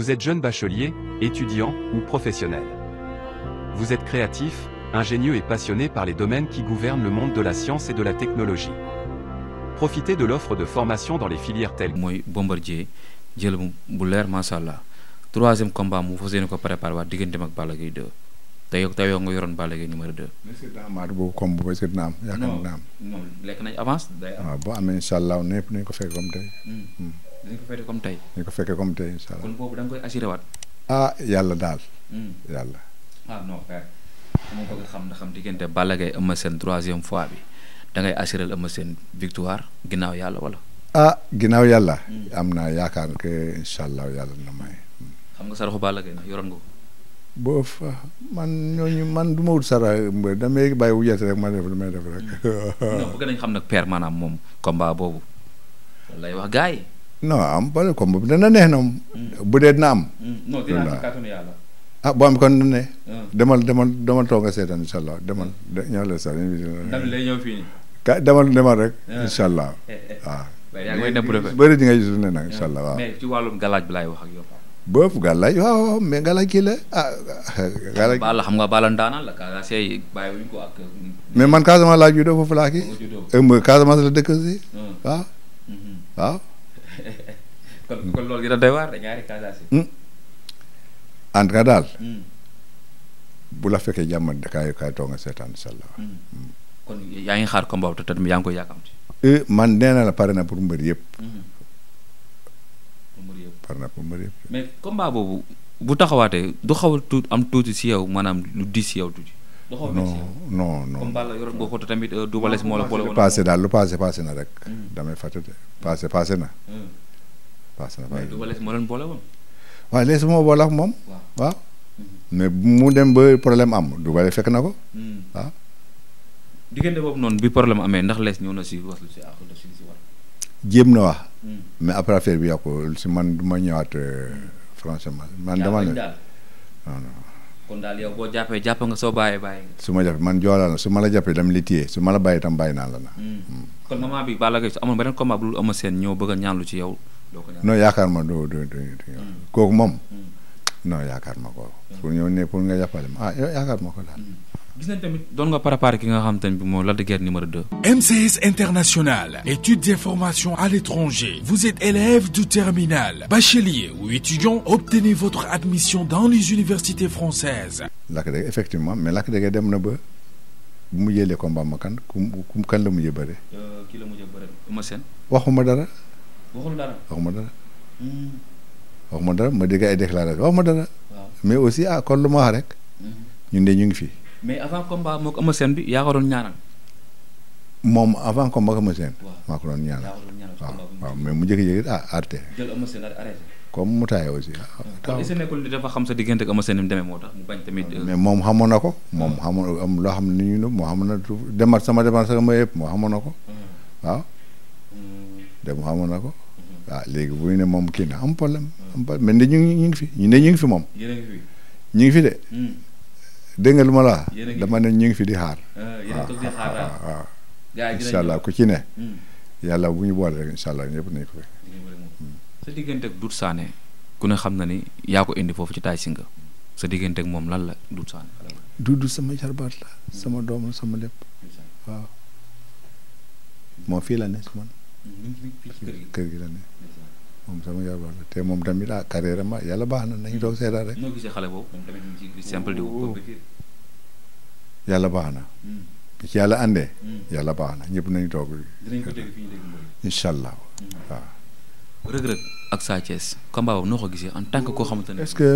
Vous êtes jeune bachelier, étudiant ou professionnel. Vous êtes créatif, ingénieux et passionné par les domaines qui gouvernent le monde de la science et de la technologie. Profitez de l'offre de formation dans les filières telles mooy Bombardier jël bu troisième combat vous fas yéene ko préparé waat digganteem ak Balla Gaye 2 tey tey yow nga yoroon Balla Gaye numéro 2. est-ce que daa amaat boobu comme boobu est-ce que dina am. yaakaar naa non non lekk avance. day am waaw ah, boo amee incha allah ko fekk comme tey. Hmm. Hmm. dañ ko fekkee comme tey. dañ ko fekkee comme tey kon boobu da koy assuré ah yàlla daal. Hmm. yàlla. ah non xam na xam diggante Balla Gaye Eumeu Sène troisième fois bi dangay ngay assuré Eumeu Sène victoire ginnaaw yàlla wala. ah ginnaaw yàlla. Hmm. am naa yaakaar que incha allah yàlla na may. xam nga saraxu Balla Gaye nag yoroon nga ko. boo fa man ñooñu man du ma wut sara mbër damay bàyyi wu rek ma def lu may def rek. Hmm. non bëgg nañ xam nag père maanaam moom combat boobu. lay wax gars yi. non am bële na mm. bu dee dina am. Mm. non dina am ci kàttanu yàlla. ah boo am kon dina ne. Ah. demal demal demal toog nga demal mm. ñoo la sax. lay ñëw fii. ka demal demal rek. Ah. incha allah eh, eh, eh. ah. waaw. nga gis ne nag incha allah waaw. mais ci wàllum galaaj bi xam nga Baala ndaanaan euh, man Casamance laa juddoo foofu laa kii. ëmb Casamance la dëkk mm-hmm. kon kon loolu dina doy hmm. daal. Hmm. bu la fekkee jàmm kaay kaay toog nga seetaan hmm. kon yaa ngi xaar combat te tamit yaa ngi koy yàkkamti. Eh, man nee na la pare na pour mbër yëpp. yëpp pare na pour mbër bu taxawaatee du xaw tuut am tuuti si yow maanaam lu di si yow tuuti. non non non euh, lu passé daal lu passé passé na rek. damay fàtte de passé na. paas na waaye moo leen boole woon waaw mom su ma boole mais mu dem ba problème am dubale fekk na ko waaw diggante boobu noonu bi problème amee ndax lees ñëw na si wax lu si àq def si si war jéem na ya wax mais après affaire bi yàqu si man du ñëwaat franchement man dama ne non non kon daal yow boo jàppee jàpp nga so baye baye suma japp man jola na suma la jappé dam li téye la baye tam baye na la na kon moment bi bala Gaye su combat bu amul sen ñoo bëgg ñaanlu ci yow non yaakaar ma du du du hmm. kooku moom. Hmm. non yaakaar ma ko. Hmm. pour ñëw ne pour nga jàppale ma ah yaakaar ma ko daal. gis nañ tamit doon nga préparé ki nga xam te bi moo Lac de Guiers numéro 2. MCS International études et formations à l'étranger vous êtes élève du terminal bachelier ou étudiant obtenez votre admission dans les universités françaises. Lac de effectivement mais Lac de Guiers dem na ba bu mu jëlee combat ma kan ku kan la mujjee bëre. Euh, kii la mujjee bëre Eumeu waxuma dara. waxul dara waxuma dara. Hmm. waxuma dara ma dégg ay déclaration waxuma mais aussi ah kon lu ma wax rek. Hmm. ñun de ñu ngi fii. mais avant combat moog Eumeu Sène bi yaa ko doon ñaanal. moom avant combat Eumeu Sène. maa ko doon waaw mais mu jékki-jékki ah arrêté. jël Eumeu Sène arrêté. comme mu taayee aussi. Ah, hmm. taw kon xam sa diggante ak Eumeu Sène ni mu moo tax ah, euh, mais moom xamoon na ko. moom xamoon am loo xam ne ñu moo xam na demat sama dépense ak ma yëpp moo xamoon na ko. waaw. dem xamoon na ko. waaw ah, léegi bu ñu ne moom kii na am problème am problème mais ñu ngi ñu ngi fi ñu ne ñu ngi fi moom. yéen fi. ñu ngi fi de. Hmm. dégg nga lu ma la dama ne ñu ngi fi di xaar. Ah, yéen ah, allah ku ci ne. Hmm. yàlla bu ñu boole rek incha allah ñëpp nañu ko fi. Hmm. sa diggante ak Doudou Sané ku ne xam na ni yaa ko indi foofu ci taay singa sa diggante ak moom lan la Doudou Sané. Doudou sama jarbaat la sama doom sama lépp waaw fii la ne man. kër gi la ne moom sama jabar te moom tamit ah carrière ma yàlla baax na nañu doog seetaan rek. ñoo gisee xale boobu moom tamit yàlla baax na. Hmm. bi ci yàlla àndee. Hmm. yàlla baax na ñëpp nañu toog. dinañ allah hmm. waaw. Reug Reug ak Sa Thiès combat boobu noo ko gisee en tant que koo xamante ne. est-ce que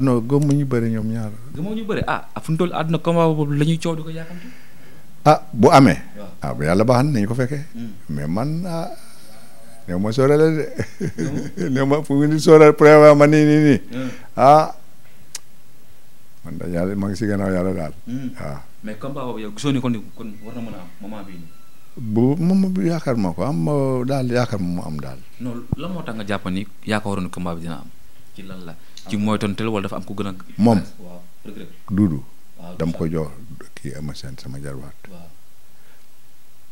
non gëmmuñu bëri ñoom ñaar. gëmmuñu bëri ah, ah bu ame ya. ah bu yalla baax na ko fekkee hmm. mais man ah mo ma sóoraale de fu ngi sóoraale prévoir man ni ni hmm. ah man da yalla ma ngi ci gënaaw yalla dal hmm. ah mais comme boobu yow ni kon kon war na mëna am moment bi bu mom yaakaar yakar mako am dal yakar mom am dal non la moo tax nga japp ni yaa ko waroon dina am ci lan la ci ah. moy tontel wala dafa am ko gëna mom dudu dam ko jox kii Eumeu Sène sama jarbaat. waaw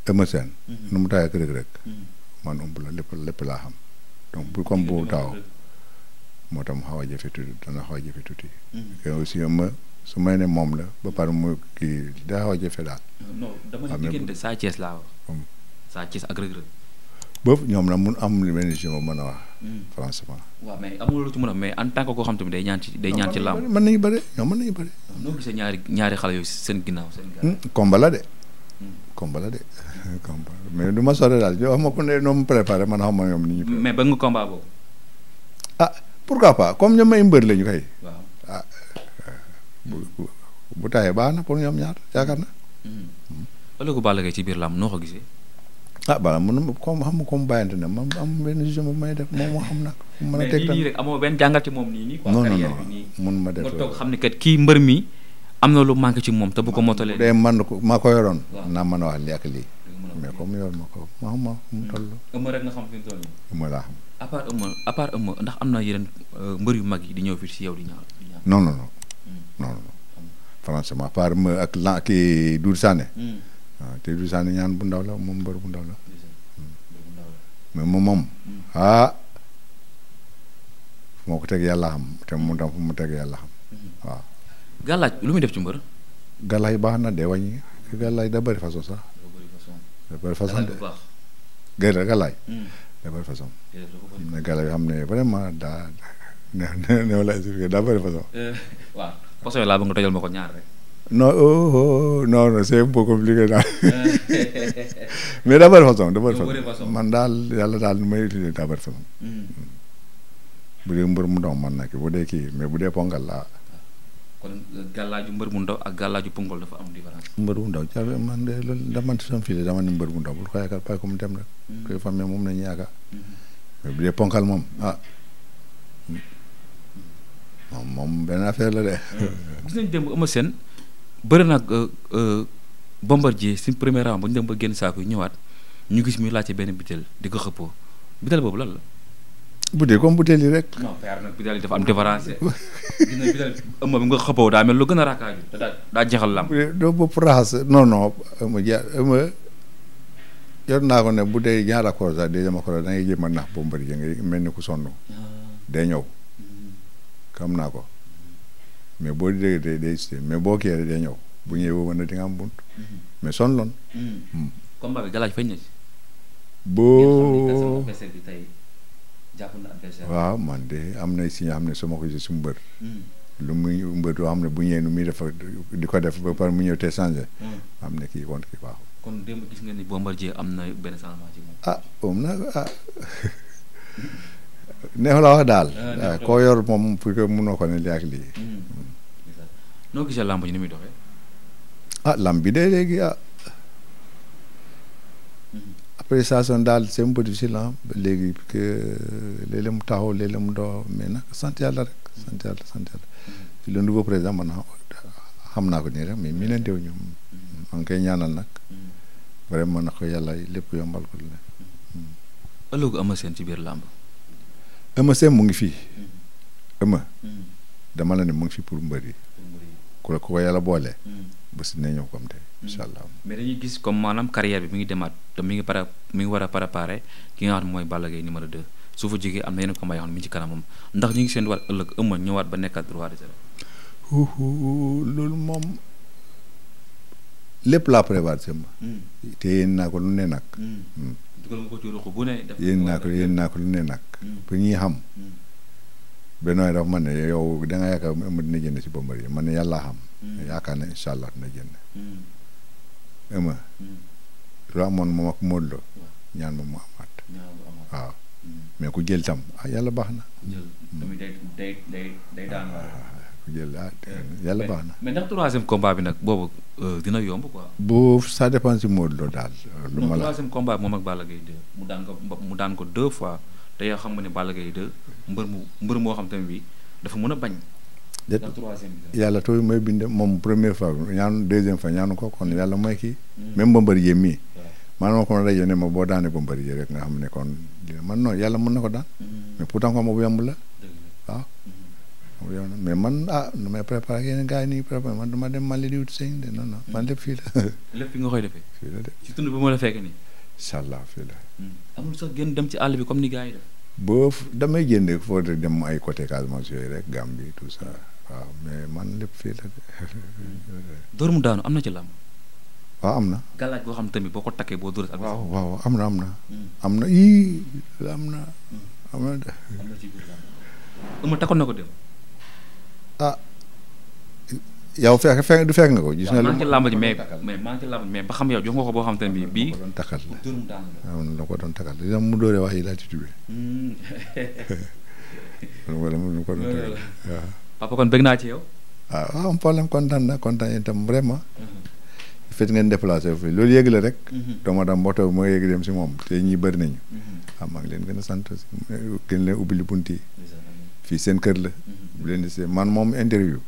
Eumeu Sène. Mm-hmm. nu mu daay ak rek rek. Mm-hmm. man umb la lépp laa xam. donc bu mm-hmm. comme bu daaw moo tax mu xaw a jafe tuuti dana xaw a jafe tuuti. que aussi ma su may ne moom la ba pare mu kii daa xaw a jafe daal. non dama ne diggante Sa Thiès laa wax. Sa Thiès ak Reug Reug. boobu ñoom na mun am lu mel ni ma mën a wax. Hmm. franchement. waaw mais amuloo lu a mais en tant que koo xam tamit day ñaan ci day ñaan ci làmb. mën nañu bëre ñoom mën nañu bëre. noo gisee ñaari ñaari xale yooyu seen ginnaaw seen. Hmm, combat la de. Hmm. combat la de mais du ma sore daal yow wax ma ko ne ñoom préparé man xam ma ñoom ni ñu. mais bëgg nga combat boobu. ah pourquoi pas comme ñoom may mbër lañu kay. waaw ah bu bu baax na pour ñoom ñaar yaakaar na. ëllëgu Balla Gaye ci biir làmb noo ko gisee. ah balaa mun na comme xam nga comme bàyyante ne man am benn vision bu may def moom a teg mais ma def nga toog ne kat kii mbër mi am na lu manqué ci moom te bu ko motalee. de man ko maa ko yoroon. naa mën a wax lii ak lii. mais comme yor ma ko ma xam ma mu toll. Hmm. ëmb rek nga xam fi mu toll nii. ëmb laa xam. à ndax am na yeneen euh, mbër yu mag yi di ñëw fii si yow di no non non hmm. non non non franchement à part ëmb ak lan kii waaw te du Sané ñaan bu ndaw la moom mbër bu ndaw la mais moom moom ah fu ma ko teg yàlla xam te mu tam fu mu teg yàlla xam waaw. lu muy def ci mbër. gàllaaj baax na de wàññi gàllaaj da bëri façon sax. da bëri façon da bëri façon. am na gàllaaj yoo xam ne vraiment daa ne ne ne wala daa bëri façon. waaw poso laa bëgg nga tojal ma ko ñaar rek. non oh, oh, non oh, non c' est compliqué daal mais daa bëri façon daa man daal yàlla daal nu may utiliser daa bëri façon. Mm. bu dee mbër mu ndaw man na ki bu dee kii mais bu dee ponkal laa. kon gàllaaju mbër mu ndaw ak gàllaaju ponkal dafa am différence. mbër mu ndaw man de loolu dama doon fii mbër mu ndaw bul ko yaakaar pay comme dem rek. Mm. koy famille moom la ñu yaakaar. Mm-hmm. mais bu dee ponkal moom ah. Mm. moom moom benn affaire la de. gis nañ démb Eumeu Sène bëri nag euh, euh, Bombardier si premier round ba ñu dem ba génn saako yi ñëwaat ñu gis muy laajte benn butéel di ko xëppoo butéel boobu lan la. butéel comme butéel yi rek. nag butéel am différence. nga butéel ëmb bi nga xëppoo daa lu gën a raakaaju daa daa jeexal lam. doo bopp raxas non non ëmb ja jot naa ko ne bu dee ñaar accord sax deuxième accord da ngay jéem a nax Bombardier nga mel ku sonn. Ah. day ñëw mm-hmm. xam naa ko. mais boo déggee boo kii rek day ñëw bu ñëw woo na di nga am bunt. Mm-hmm. mais son loon. Mm-hmm. Mm. combat bi galaaj fañ na ci. boo waaw man de am na si nga xam ne suma ko su suñu bët. Mm. lu muy mbët yoo xam ne bu ñëwee nu di ko def ba pare mu ñëw te changé. Mm. am na kii contre kii baaxul. kon démb gis am na benn ah moom um nag ah. wax daal. Ah, ah, koo yor moom pour que munoo ko ne lii ak lii. noo gisee làmb ni muy doxee. ah làmb bi de léegi ah. mm-hmm. daal c'est un peu difficile ah léegi que léeg-léeg mu taxaw léeg mu dox mais nag sant rek sant yàlla sant yàlla mm-hmm. le nouveau président man ah, xam naa ko nii rek mais mi leen teew ñu mm-hmm. maa ngi koy ñaanal nag vraiment yàlla lépp yombal ko la mm. ëllëgu Eumeu Sène ci biir làmb Eumeu Sène mu ngi fii Eumeu dama la ne mu ngi fi pour mbër yi ku la ku ko yàlla boole. Hmm. bés dina ñëw comme tey hmm. incha allah. mais dañuy gis comme maanaam carrière bi mi ngi demaat te mi ngi mi ngi war a préparer ki nga xam ne mooy Balla Gaye numéro 2 su fa jógee am na yeneen ñu ngi seen war ëllëg ëmma ñëwaat ba nekkaat droit de loolu moom lépp laa prévoir sëmb. Hmm. te yéen naa ko lu ne nag. dugal nga ko ci ruq bu ne. def naa ko yéen naa lu ne nag. ba ñuy xam. benooy dafa man ne yow da nga yaakaar ëmma dina jënd si Bombardier man ne yàllaa xam hmm. yaakaar ne dina jënd ëmma lu amoon moom ak Modou Lo ñaan moom mu amaat waaw hmm. mais ku jël tam ah, yàlla baax na yàlla baax na mais ndax bi nag boobu euh, dina yomb quoi boobu ça dépend si Modou daal euh, lu ma la Balla mu daan ko mu daan ko deux fois te yow xam nga ne Balla Gaye 2 mbër mu mbër moo xam tamit bi dafa mën a bañ. yàlla tooy mooy binde moom première fois ñaanu deuxième fois ñaanu ko kon yàlla mooy kii. Mm. même Bombardier mii. maanaam ko man non yàlla mën na ko daan. Mm. mais pourtant ko ma bu yomb la. waaw. Ah. Mm. man ah nu may préparé yeneen gars yi nii préparé man dama dem Mali di wut de non non man lépp fii la. lépp fii la de ci tund bi ma la fekk nii. incha allah fii la. ba damay génne foo dem ay côté Casamance yooyu rek Gambie tout ça waaw mais man lépp fii la dóor mu daanu am na ci làmb waaw am na. galaaj boo xam tamit boo ko takkee boo dóor. waaw waaw am na am na. Hmm. am na ii am na. Hmm. am na de. am na ci biir làmb. takkoon na ko dem. ah. yow fekk fekk du fekk nga ko. gis nga lu maa ngi ci mais maa ngi xam yow jox nga ko boo xam te ne bii bii. doon takkal la ko doon takkal li mu dooree wax yi laa ci tubee. wala mu ko doon takkal waaw. papa kon bëgg naa ci yow. ah waaw am problème kontaan na kontaan itam vraiment. Hmm. fet ngeen déplacé fi loolu yëg la rek. Hmm. doomu aadama mboota moo yëg dem si moom te ñi bëri nañu. Hmm. ah maa ngi leen gën a sant gën leen ubbi li bunt yi. fii seen kër la. bu leen di man moom interview.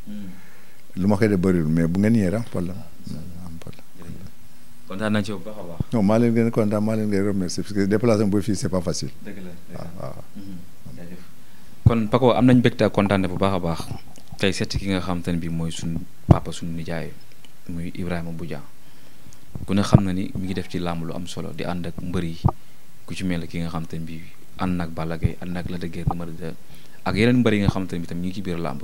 lu ma koy def mais bu ngeen yéer am problème am problème. kontaan naa ci bu a a kontaan maa leen gën a que déplacement bu fii c'est pas facile. Ah, ah. Mm-hmm. kon Paco am nañ mbégte ak kontaan bu baax a baax tey seet ki nga xam te ne bii mooy suñu papa suñu nijaay muy Ibrahima Boudia ku ne xam na ni mi ngi def ci làmb lu am solo di ànd ak mbër yi ku ci mel ki nga xam te ne bii ànd nag Balla Gaye ànd nag la de Guiers numéro 2 ak yeneen mbër yi nga xam ne bi tam ñu ngi ci biir làmb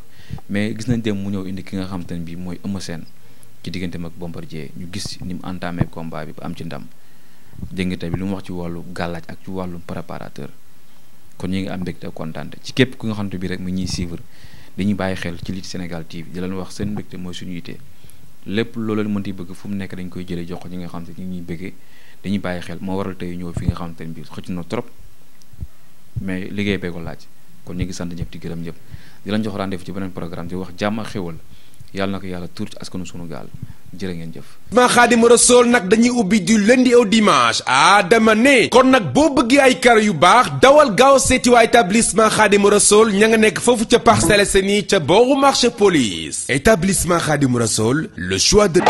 mais gis nañ dem mu ñëw indi ki nga xamante ne bi mooy Eumeu Sène ci digganteem ak Bombardier ñu gis ni mu entamé combat bi ba am ci ndam dégg nga tamit lu mu wax ci wàllu gàllaaj ak ci wàllu préparateur kon ñu ngi am mbégte kontaan ci képp ku nga xamante bi rek mu ñuy suivre dañuy bàyyi xel ci Lutte Sénégal TV di leen wax seen mbégte mooy suñu yite lépp loo leen mënti bëgg fu mu nekk dañ koy jëlee jox ko ñi nga xamante ni ñuy bëggee dañuy bàyyi xel moo tey ñëw fi nga xamante ne bi xëcc na trop mais liggéey bee ko laaj kon ñu ngi sant ñëpp di gërëm ñëpp di lañ jox rendez-vous ci beneen programme di wax jàmm ak xéwal yàlla na ko yàlla tuur ci askanu sunu gaal jërë ngeen jëf. ma Xaadimu Rasuul nag dañuy ubbi du lundi au dimanche ah dama ne. kon nag boo bëggee ay kar yu baax dawal gaaw seeti waa établissement Xaadimu Rasuul ña nga nekk foofu ca Parcelles Assainies ca booru marché police établissement Xaadimu Rasuul le choix de.